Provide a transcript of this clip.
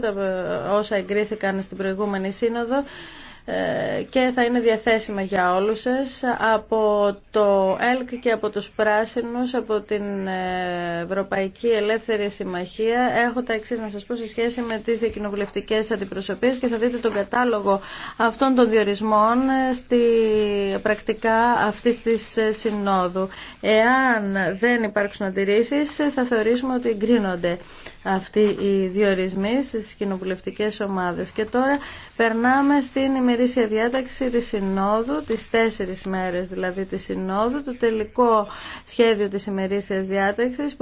τα ε, όσα εγκρίθηκαν στην προηγούμενη σύνοδο ε, και θα είναι διαθέσιμα για όλους σας από το ΕΛΚ και από τους Πράσινους από την ε, Ευρωπαϊκή Ελεύθερη Συμμαχία έχω τα εξής να σας πω σε σχέση με τις κοινοβουλευτικές αντιπροσωπείες και θα δείτε τον κατάλογο αυτών των διορισμών στη πρακτικά αυτή της ε, συνόδου. Εάν δεν υπάρξουν αντιρρήσεις θα θεωρήσουμε ότι εγκρίνονται αυτοί οι διορισμοί στις κοινοβουλευτικέ ομάδες. Και τώρα περνάμε στην ημερήσια διάταξη της Συνόδου, τις τέσσερι μέρες δηλαδή τη Συνόδου, το τελικό σχέδιο της ημερήσιας διάταξης